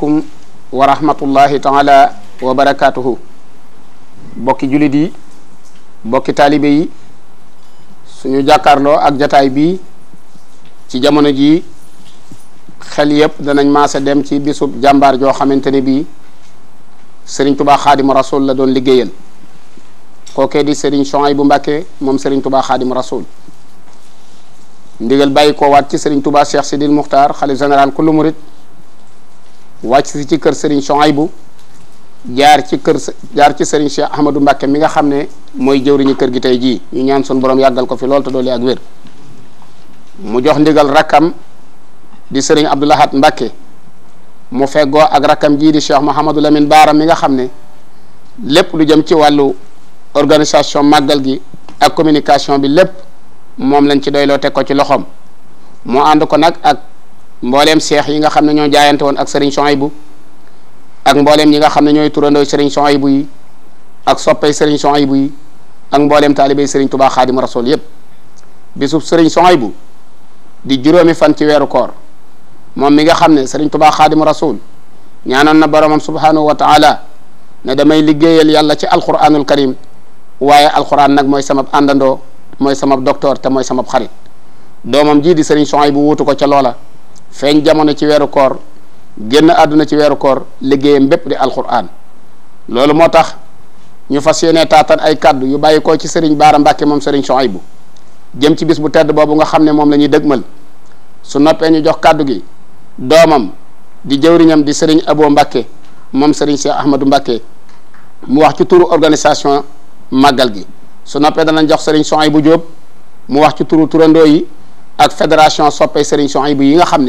aleykum wa rahmatullahi taala wa barakaatuhu bokki jullit yi bokki taalibe yi suñu jàkkaarloo ak jataay bii ci jamono jii xel yëpp danañ maasa dem ci bisub jàmbaar joo xamante ne bii sëriñ tubaa xaadimu rasul la doon liggéeyal kookee di sëriñ Souhaïbou Mbacké moom sëriñ tubaa xaadimu rasul ndigal bàyyi koo waat ci sëriñ tubaa cheikh sidil muxtaar xalif général kullu murit wàcc ci kër Serigne Chouaïbou jaar ci kër jaar ci Serigne Cheikh Ahmadou Mbacke mi nga xam ne mooy jëwriñu kër gi tey jii ñu ñaan sun borom yàggal ko fi lool te doole ak wér mu jox ndigal rakkam di Serigne Abdoul Ahad Mbacke mu feggoo ak rakkam jii di Cheikh Mouhamadou baaram mi nga xam ne lépp lu jëm ci wàllu organisation màggal gi ak communication bi lépp moom lañ ci doyloo teg ko ci loxoom mu ànd ko nag ak. mbooleem seex yi nga xam ne ñoo jaayante woon ak sëriñ Souhaïbou ak mbooleem ñi nga xam ne ñooy turandoo sëriñ Souhaïbou yi ak soppey sëriñ Souhaïbou yi ak mbooleem taalibey sëriñ Tuubaa Xaadimu Rasuul yépp bisub sëriñ bu di juróomi fan ci weeru koor moom mi nga xam ne sëriñ Tuubaa Xaadimu Rasuul ñaanoon na boromam subhaanahu wa taala ne damay liggéeyal yàlla ci alquranul karim waaye alquran nag mooy sama àndandoo mooy sama docteur te mooy sama xarit doomam jii di sëriñ Souhaïbou wuutu ko ca loola feñ jamono ci wéru koor genn aduna ci wéru koor liggéeyam bépp di alquran loolu moo tax ñu fas yéene taatan ay kàddu yu bàyyi ko ci sëriñ Baara Mbàkke moom sëriñ Sohaybu jëm ci bis bu tedd boobu nga xam ne moom la ñuy dëgmal su noppee ñu jox kàddu gi doomam di jëwriñam di sëriñ Abo Mbàkke moom sëriñ Cheikh Ahmadou Mbàkke mu wax ci turu organisation màggal gi su noppee danañ jox sëriñ Sohaybu Jóob mu wax ci turu turandoo yi ak fédération soppe Serigne Souhaïbou yi nga xam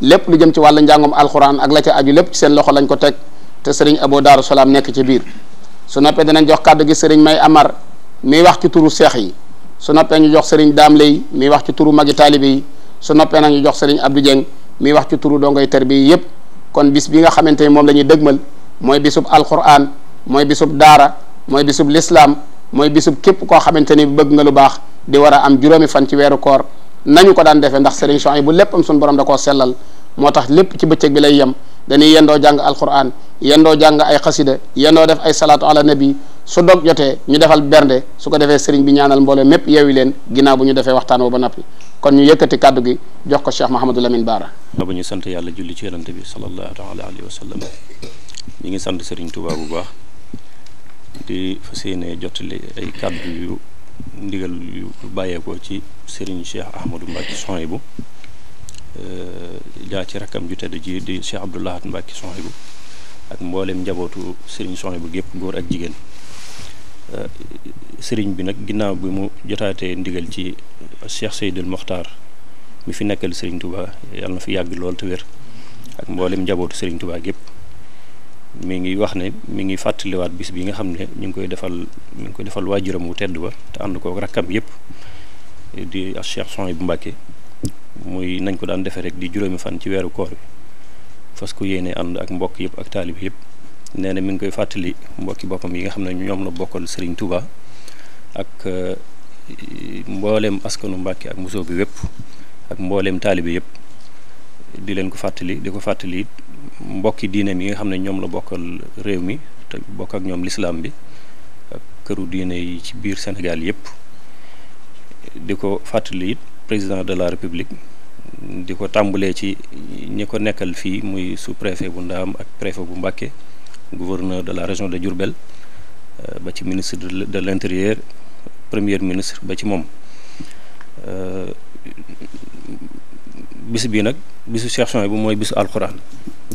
lepp lu jëm ci walu njàngum alxuraan ak la ci aju lepp ci seen loxo lañ ko tek te Serigne abou Daaru salam nek ci bir su noppé danañ jox kaddu gi Serigne May Amar mi wax ci turu cheikh yi su noppé ñu jox Serigne Daam mi wax ci turu magi talib yi su noppé jox Serigne Abdou mi wax ci turu dongay terbi kon bis bi nga xamante mom lañuy la ñuy dëgmal mooy bisub alquran moy bisub dara moy bisub l'islam moy bisub képp ko xamante ni bëgg nga lu baax di wara am juroomi fan ci wéru koor nañu ko daan defee ndax soo Chouaïbou bu lépp am suñu borom da koo sellal moo tax lépp ci bëccëg bi lay yem dañuy yendoo jàng alquran yendoo jàng ay xasida yendoo def ay salaatu ala nabi su dog jotee ñu defal bernde su ko defee sëriñ bi ñaanal mboole mépp yeewi leen ginnaaw bu ñu defee waxtaan woo ba noppi kon ñu yëkkati kàddu gi jox ko Cheikh Mahamadou Lamine Baara bu ñu sant yàlla julli ci yonante bi sallallahu taala alayhi wa sallam ñu ngi sant Serigne Touba bu baax di fas yéene jottali ay kàddu yu ndigal yu bàyyeekoo ci Serigne Cheikh Ahmadou Mbacke Souhaïbou euh, jaa ci rakkam ju tedd ji di Cheikh Abdou Lahad Mbacke Souhaïbou ak mboolem njabootu Serigne Souhaïbou gépp góor ak jigéen euh, Serigne bi nag ginnaaw bi mu jotaatee ndigal ci Cheikh Seydil Mokhtar mi fi nekkal Serigne Touba yàlla na fi yàgg lool te wér ak mboolem njabootu Serigne tubaa gépp mi ngi wax ne mi ngi fàttaliwaat bis bi nga xam ne ñu ngi koy defal mi ngi koy defal waajuram wu tedd ba te ànd ko rakkam yëpp di Cheikh Souhaïbou Mbacké muy nañ ko daan defee di juróomi fan ci weeru koor bi fas ko ànd ak mbokk yëpp ak taalib yëpp nee na mi ngi koy fàttali mbokki boppam yi nga xam ne ñoom la bokkal Serigne Touba ak eh, mboolem askanu Mbacké ak musoo bi wépp ak mboolem taalibe yëpp di leen ko fàttali di ko fàttali mbokki diineem mi nga xam ne ñoom la bokkal réew mi te bokk ak ñoom lislaam bi ak këru diine yi ci biir Sénégal yépp di ko fàttali it président de la république di ko tàmbalee ci ñi ko nekkal fii muy sous préfet bu Ndaam ak préfet bu Mbacké gouverneur de la région de Diourbel euh, ba ci ministre de l'intérieur premier ministre ba ci moom euh, bis bi nag bisu Cheikh Souhaïbou bu mooy bisu alxuraan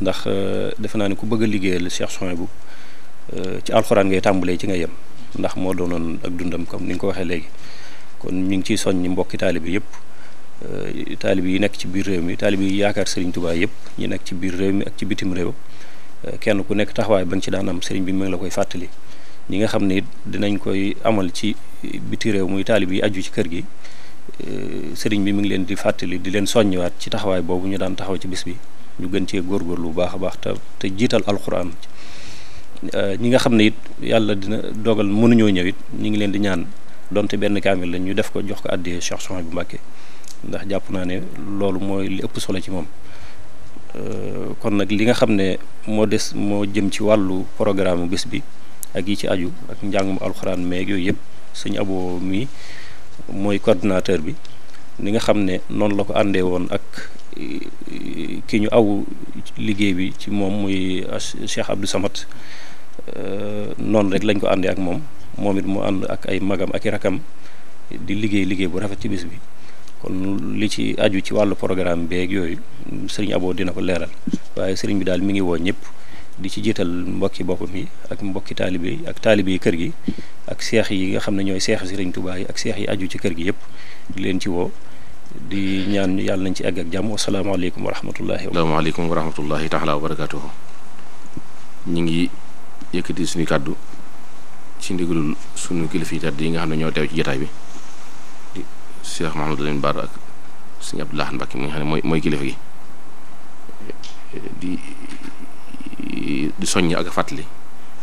ndax euh, defe naa ne ku bëgg a liggéeyal Cheikh Souhaïbou euh, ci alxuraan ngay tàmbalee ci nga yem ndax moo doonoon ak dundam comme ni nga ko waxee léegi kon ñu ngi ciy soññ mbokki taalib yëpp euh, taalib yi nekk ci biir réew mi taalib yi yaakaar Serigne Touba yëpp ñi nekk ci biir réew mi ak ci bitim réew kenn ku nekk taxawaay ba nga ci daan am Serigne bi mu ngi la koy fàttali ñi nga xam ne dinañ koy amal ci biti réew muy taalib yi aju ci kër gi Serigne bi mu ngi leen di fàttali di leen soññiwaat ci taxawaay boobu ñu daan taxaw ci bis bi. ñu gën gor gor lu baax baax te te jital alquran euh, ñi nga xamne it yalla dina dogal mënu ñoo it ñi ngi leen di ñaan donte benn kamil la ñu def ko jox ko àddee Cheikh Souhaïbou bu Mbacké ndax japp na ne loolu moy li ëpp solo ci moom euh, kon nak li nga xamne mo dess des jëm ci walu programme bis bi ak yi ci aju ak jangum alquran meeg yoy yëpp sëñ Abo mi moy coordinateur bi ni nga xamne non la ko àndee won ak ki ñu aw liggéey bi ci moom muy euh, Cheikh Abdou Samad euh, noonu rek lañ ko àndee ak moom moom it mu ànd ak ay magam ak i rakam di liggéey liggéey bu rafet ci bis bi kon li ci aju ci wàllu programme beeg yooyu sëriñ Abo dina ko leeral waaye sëriñ bi daal mi ngi woo ñëpp di ci jiital mbokki boppam yi ak mbokki taalibe yi ak taalibe yi kër gi ak seex yi nga xam ne ñooy seex sëriñ Tuubaa yi ak seex yi aju ci kër gi yëpp di leen ci woo di ñaan yalla nañ ci egg ak assalamu alaykum wa rahmatullahi salaamaaleykum wa rahmatullahi taala wa barakatuh ñi ngi yëkëti suñu kaddu ci ndigulul sunu kilifi yi tedd yi nga xam ñoo tew ci jotaay bi di cheikh mahamoud lamine barak ak abdullah abdoulahan mi nga xamne moy moy kilifi gi di di soñu ak fatali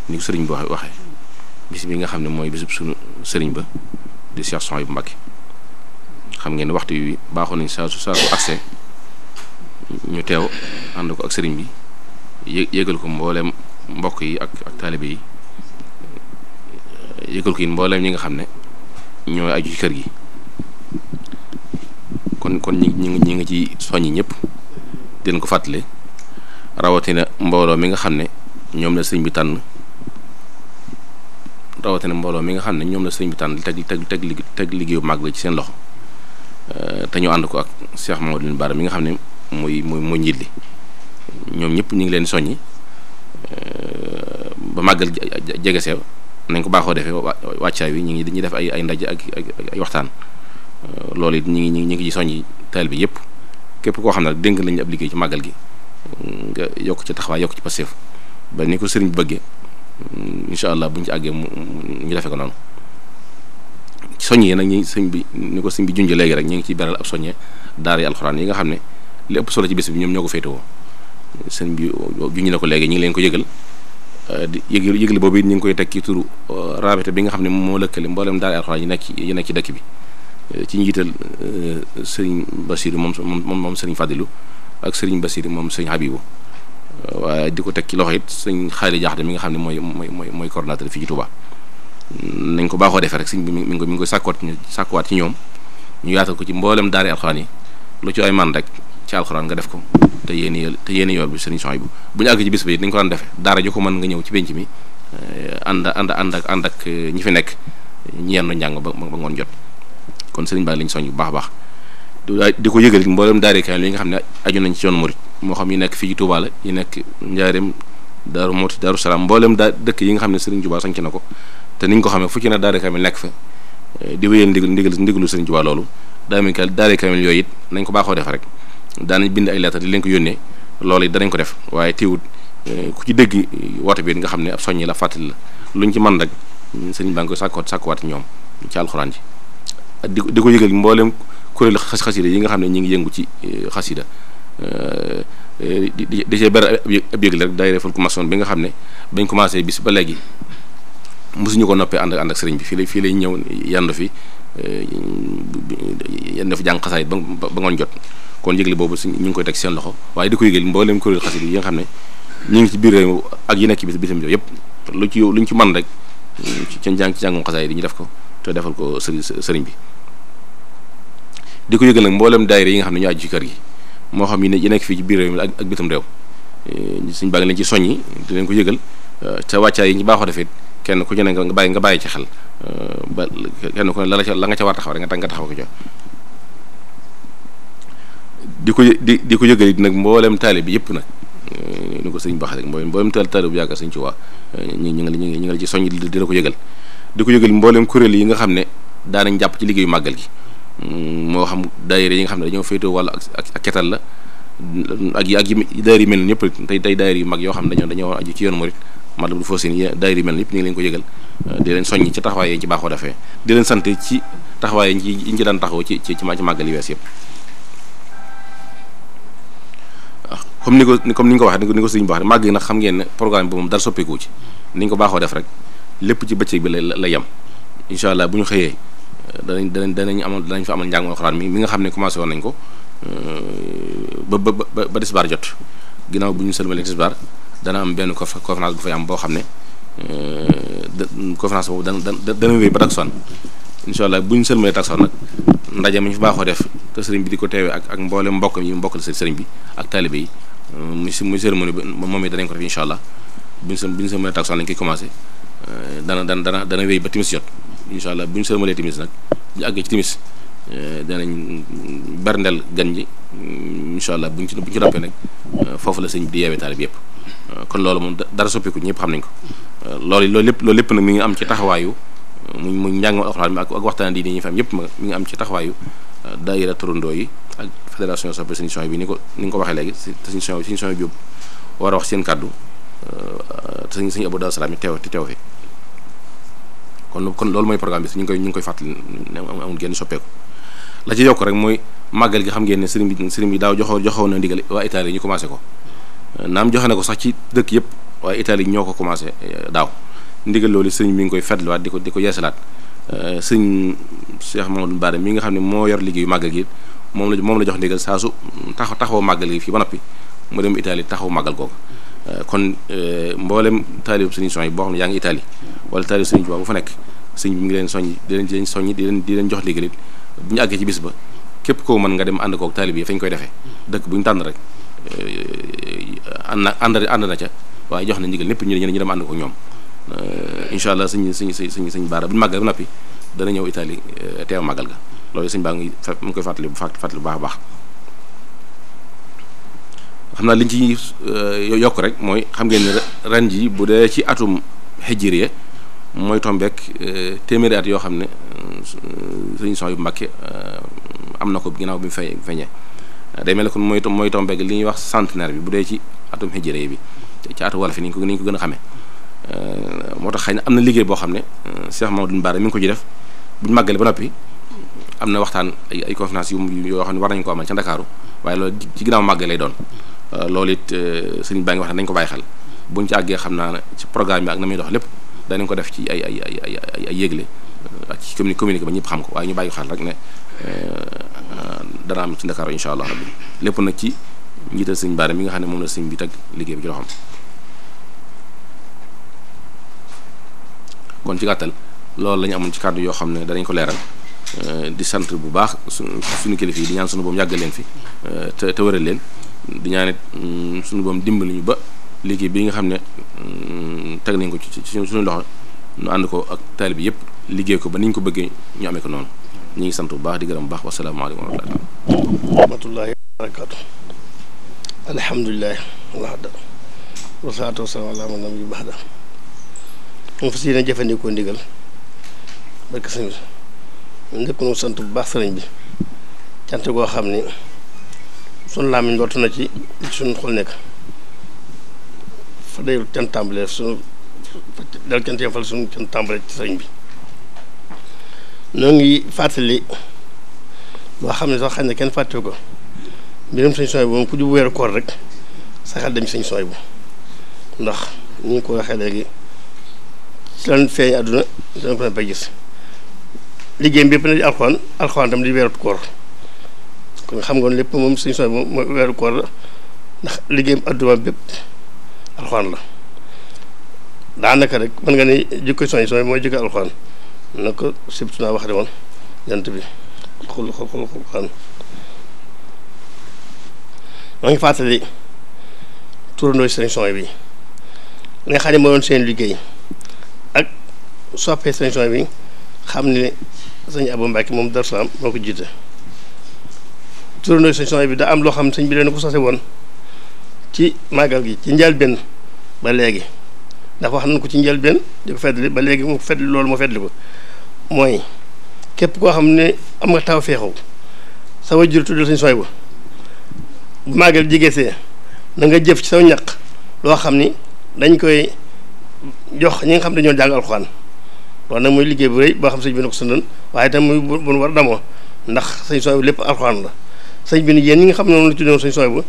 ni serigne bo waxe bis bi nga xamne moy bisub sunu serigne ba di cheikh son bu xam ngeen waxtu yi baaxoo nañ saa su saa su accès ñu teew ànd ko ak sëriñ bi yé yégal ko mbooleem mbokk yi ak ak taalibe yi yégal ko yi mbooleem ñi nga xam ne ñooy aju ci kër gi kon kon ñi ñi ñi ngi ci soññi ñëpp den ko fàttale rawatina mbooloo mi nga xam ne ñoom la sëriñ bi tànn rawatina mbooloo mi nga xam ne ñoom la sëriñ bi tànn teg teg teg teg liggéeyu màgg ci seen loxo Eh, te ñu ànd ko ak Cheikh Mamadou bar mi nga xam ne muy muy muy njiit li ñoom ñëpp ngi leen soñi euh ba magal jégué seew nañ ko baxo défé waccay wi ñi ngi dañuy def ay ay ndaj ak ay waxtaan eh, loolu ñi ngi ñi ngi ñu ngi ci soññi taal bi yépp képp ko xamna ne dénk lañu ab liggéey ci magal gi nga yok ci taxawaay yok ci passif ba ni ko sëriñ bëggé mm, inshallah buñ ci aggé ñu défé ko noonu. soññee nag ñi sëñ bi ni ko sëñ bi junj léegi rek ñu ngi ciy beral ab soññe daara yi alxuraan yi nga xam ne li ëpp solo ci bés bi ñoom ñoo ko féetewoo sëñ bi junj na ko léegi ñu ngi leen ko yëgal di yëgal yëgal boobu it ñu ngi koy teg ci turu raabita bi nga xam ne moom moo lëkkale mboolem daara yi alxuraan yi nekk yi nekk ci dëkk bi ci njiital sëriñ Basiru moom moom moom sëriñ Fadilu ak sëriñ Basiru moom sëriñ Habibu waaye di ko teg ci loxo it sëriñ Xaali Jaxate mi nga xam ne mooy mooy mooy coordonnateur fii ci Touba nañ ko baaxoo defe rek sëñ bi mi ngi mi ngi koy sàkkuwaat ñu sàkkuwaat ci ñoom ñu yaatal ko ci mboolem daari alxuraan yi lu ci ay man rek ci alxuraan nga def ko te yéeni te yéeni yool bi sëriñ Sohaybu bu ñu àgg ci bis ba it nañ daara ju ko mën nga ñëw ci penc mi eh, ànd ànd ànd ak ànd eh, fi nekk ñeenn njàng ba ba ngoon jot kon sëriñ baa ngi lañ soñ bu baax a baax di ko yëgal mboolem daari kaamil yi nga xam ne aju nañ ci yoonu murit moo xam yi nekk fii ci Tuubaa la yi nekk Njaaréem Daaru Muxti Daaru Salaam mboolem daa dëkk yi nga xam ne sëriñ Tuubaa sanc na ko te niñ ko xamee fu ci ne daara kamil nekk fa eh, di wéyal ndigal ndigal ndigalu Sëriñ Tuubaa loolu daara kamil yooy it nañ ko baaxoo def rek daanañ bind ay lettre di leen ko yónnee loolu it danañ ko def waaye teewut eh, ku ci dégg eh, woote bi nga xam ne ab soññi la fàttali la lu luñ ci man rek mm, sëriñ baa ngi koy sàkkuwaat sàkkuwaat ñoom ci alxuraan ji di di ko yëgal mboolem kuréelu xas xasida yi nga xam ne ñu ngi yëngu ci xasida di di di cee ber ab yëgle rek day defal ko masoon bi nga xam ne bañ commencé bis ba léegi mosuñu ko noppee ànd ànd ak sëriñ bi fii la fii lay ñëw yandu fi eh, yenn dafa jàng xasaayit ba ba ngoon jot kon yëgle boobu su ñu ngi koy teg seen loxo waaye di ko yëgal mboolem kuréel xasaayit yi nga xam ne ñu ngi ci biir ak yi nekk bi bitim réew yëpp lu ci lu ñu ci man rek ca njàng ci njàngum yi ñu def ko te defal ko sëriñ sëriñ bi di ko yëgal nag mboolem daayira yi nga xam ne ñu aju kër gi moo xam yi ne yi fii ci biir réew mi ak bitim réew eh, suñ baa ngi leen ci soññi di leen ko yëgal te eh, wàccaay yi ñu baaxoo defee kenn ku ci ne nga bay nga bay ci xel euh, ba kenn ku la la nga ci war taxaw nga nga taxaw ko jox di ko di di ko yëgal it nag mboolem taalib yëpp nag euh, ni ko sëñ bax rek mboolem mboolem taalib taalib bu yàgg euh, ci wa ñi ñi nga ñi nga ci soñu di ko yëgal di ko yëgal mboolem kuréel yi nga xamne da nañ japp ci liggéeyu magal gi mm, mo xam daayira yi nga xamne dañu feytu wala ak ketal la ak yi ak yi daayira yi mel ñepp tay tay daayira yu mag yo xam dañu dañu aji ci yoon mourid madame Fawzayni ya daayira mel ñep ñu ngi leen ko yëgal eh, di leen soñ ci taxawaye ci baxo dafé di leen sant ci taxawaye ñi ñi daan taxaw ci ci ci màggal wess yep yëpp ah, comme ni ko comme ni nga ko waxee ni ko sëriñ bi waxee màgg xam ngeen programme bu moom dal soppiku ci ni ñu ko baaxoo def rek lepp ci bëccëg bi la yam inshallah buñu xeyé eh, dañ dañ dañ danañ amal dañ fa amal jangul quran mi mi nga xamne commencé won nañ ko eh, ba ba ba disbar jot ginaaw buñu ñu disbar dana am benn conférence bu fay am boo xam ne euh, conférence boobu dana dana dana wéy ba takkusaan incha allah bu ñu sëlmalee takkusaan nag ndaje mi ñu fi baaxoo def te sëriñ bi di ko teewee ak ak mboolem mbokk yi mbokkal sëriñ bi ak taalibe yi euh, muy muy cérémonie bi moom it danañ ko def incha allah bu ñu së bu ñu sëlmalee commencé euh, dana dana dana dana wéy ba timis jot incha allah bu ñu sëlmalee timis nag ñu àggee ci timis danañ berndeel gan ji incha allah buñ ci buñ ci noppee nag foofu la sëñ bi di yeewee taalibe yëpp. Euh, kon loolu moom dara soppiku ñëpp xam nañ ko euh, loolu loolu lépp loolu lépp nag mi ngi am ci taxawaayu mu euh, mu njàngma alxuraan mi ak waxtaan diine ñi fi am yëpp ma mi ngi am ci taxawaayu daayira turandoo yi ak fédération soppe Serigne Souhaïbou bi ni ko ni nga ko waxee léegi si Serigne Souhaïbou Serigne Souhaïbou Diop war a wax seen kàddu te Serigne Abou Daoud Salam yi teew teew fi kon kon loolu mooy programme bi ñu ñu ngi koy fàttali ne amul genn soppeeku la ci yokk rek mooy màggal gi xam ngeen ne sëriñ bi sëriñ bi daaw joxo joxoon na ndigal waa Italie ñu commencé ko naam joxe na ko sax ci dëkk yëpp waaye itali ñoo ko commencé euh, daaw ndigal loolu sëñ mi ngi koy fetluwaat di ko di ko yeesalaat euh, sëñ Cheikh Mamadou Bara mi nga xam ne moo yor liggéeyu màggal gi moom la moom la jox ndigal saa su tax taxaw màggal gi fii ba noppi mu dem Italie taxaw màggal googu euh, kon mboolem taalib sëñ soñ yi boo xam ne yaa ngi itali wala taalib sëñ Tuubaa bu fa nekk sëñ bi ngi leen soññ di leen di leen di leen di leen jox ndigal it bu ñu àggee ci bis ba képp koo mën nga dem ànd kook taalib yi fañ koy defee dëkk bu ñu tànn rek ànd na ànd ànd na ca waaye jox na ndigal lépp ñu ne ñu dem ànd ko ñoom euh, incha allah suñu suñu suñu suñu baara bu ñu màggal ba noppi dana ñëw Italie euh, teew màggal ga loolu suñu baa ngi mu ngi koy fàttali bu fàttali bu baax a baax xam naa liñ ci euh, yokk rek mooy xam ngeen ne ren ji bu dee ci atum hijriye mooy tombeek téeméeri at yoo xam ne suñu son yu Mbàkke am na ko ginnaaw bi mu feeñee day mel ne kon mooy mooy tombeek li ñuy wax centenaire bi bu dee ci atum hijriya bi ci atu wolof yi ni ñu ko ni ñu ko gën a xamee euh, moo tax xëy na am na liggéey boo xam ne euh, Cheikh Mamadou Bara mi ngi ko ci def buñu màggale ba noppi am na waxtaan ay ay conférence yu yoo xam ne war nañu ko amal ca Ndakaaru waaye loolu ci ginnaaw màgg lay doon euh, loolu it sëriñ baa ngi wax ne nañu ko bàyyi xel buñ ci àggee xam naa ci programme bi ak na muy dox lépp danañ ko def ci ay ay ay ay yégle ak ci communique communiqué ba ñëpp xam ko waaye ñu bàyyi xel rek ne dana am ci Ndakaaru incha allah rabbi lépp nag ci njiital sëñ baare mi nga xam ne moom la sëñ bi teg liggéey bi ci loxoom kon ci gàttal loolu la ñu amoon ci kàddu yoo xam ne danañ ko leeral euh, di sant bu baax su suñu kilifa yi di ñaan suñu boom yàggal leen fi euh, te te wëral leen di ñaan mm, suñu boom dimbali ñu ba liggéey bi nga xam ne mm, teg nañ ko ci suñu loxo ñu ànd ko ak bi yëpp liggéey ko ba niñ ko bëggee ñu amee ko noonu ñu ngi sant bu baax di gërëm bu baax wasalaamaaleykum wa rahmatullahi wa barakatuh alhamdulilah waxda wasalaatu wasalaam ala man nabi baxda mu fas yéene jëfandikoo ndigal barke sant bu baax sëriñ bi cant goo xam ni suñ làmmiñ lottu na ci suñ xol nekk fa dayul can tàmbalee suñu dal cant yam fal suñu can tàmbalee ci sëriñ bi noo ngi fàttali loo xam ne sax xam ne kenn fàttewu ko mbirum sëñ sooy bu moom ku jub weeru koor rek sa xel dem sëñ sooy bu ndax ni ñu ko waxee léegi ci lan feeñ àdduna dana ko bay gis liggéeyam bépp na di alxuraan alxuraan tam di weeru koor kon xam nga lépp moom sëñ sooy bu moom weeru la ndax liggéeyam àdduna mën nga ni jikko sooy sooy mooy jikko alxuraan na ko sibtu naa wax de woon jant bi xul xul xul xul ma ngi fàttali turandoo sëriñ son bi li nga xam ne moo doon seen liggéey ak soppee sëriñ son bi xam ne sëñ Abou Mbacke moom Darou am moo ko jiite turandoo sëriñ son bi da am loo xam sëñ bi leen ko sose woon ci màggal gi ci njëlbéen ba léegi ndax wax nañ ko ci njëlbéen di ko feddali ba léegi mu feddali loolu moo feddali ko mooy képp koo xam ne am nga taw feexaw sa wajur tuddal sëñ son bu bu màggal jigesee na nga jëf ci saw ñaq loo xam ni dañ koy jox ñi nga xam dañoo jàng alxuraan loolu nag muy bu boo xam sëñ bi ne ko waaye itam muy bu war damoo ndax sëñ lépp alxuraan la sëñ bi ni yéen ñi nga xam ne moom la tuddoon sëñ sooy bu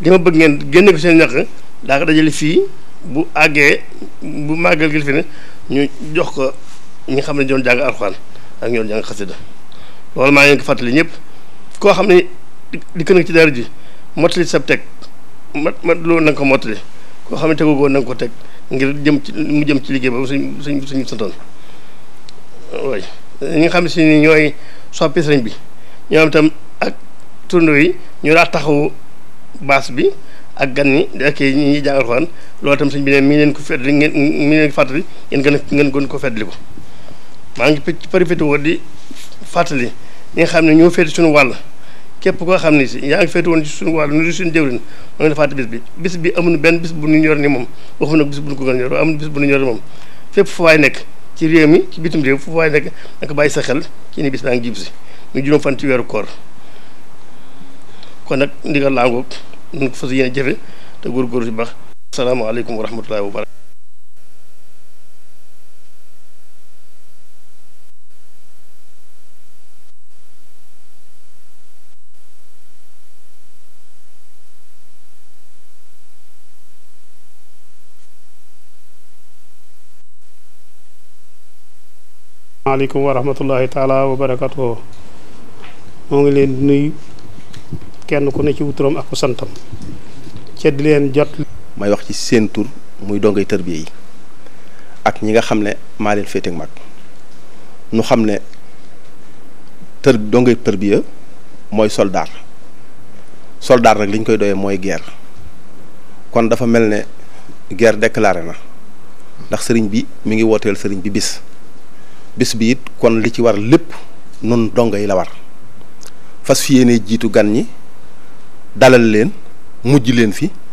li ma bëgg ngeen génne ko seen ñaq daa dajale fii bu àggee bu màggal gi fi ne ñu jox ko nga xam ne doon jàng ak ñoon jàng xasida loolu maa ngi ko fàttali ñëpp koo xam ne dikk na ci daara ji mottali sab teg mat mat loolu na ko mottali koo xam ne tegu ko na ko teg ngir jëm ci mu jëm ci liggéey boobu suñ suñ suñ santoon waay ñi nga xam ne si ni ñooy soppi sëriñ bi ñoom itam ak turndo yi ñu laa taxawu baas bi ak gan ñi ak ñi ñuy jàngal xoraan loolu itam sëñ bi ne mi leen ko fàttali ngeen mi leen fàttali ngeen gën a ngeen gën ko fàttali ko maa ngi ci profité woo di fàttali ñi xam ne ñoo féete suñu wàll képp koo xam ne si yaa ngi féete woon ci suñu wàllu nu di suñu jëwrin ma nga defaat bis bi bis bi amul benn bis bu ñu ñor ni moom waxu nag bis bu ñu a nekk ci réew mi ci bitim réew foofu waay nekk naka bàyyi sa xel ci ni bis baa ngi jib si mu juróom fan ci weeru koor kon nag ndigal laa ngoog nun ko fas yéene jëfe te góorgóorlu si baax asalaamaaleykum wa rahmatullahi wa barakatu Alaikum wa rahmatullahi taala wa barakatuh mo ngi len nuy kenn ku ne ci wutrom ak santam ci di len jot may wax ci sen tour muy dongay terbiye yi ak ñi nga xamne ma len fete ak mak nu xamne ter dongay terbiye moy soldat soldat nak liñ koy doye moy guerre kon dafa melne guerre déclaré na ndax serigne bi mi ngi wotel serigne bi bis bis bi it kon li ci war lépp nun dongo yi la war fas fi yéene jiitu gan ñi dalal leen mujj leen fi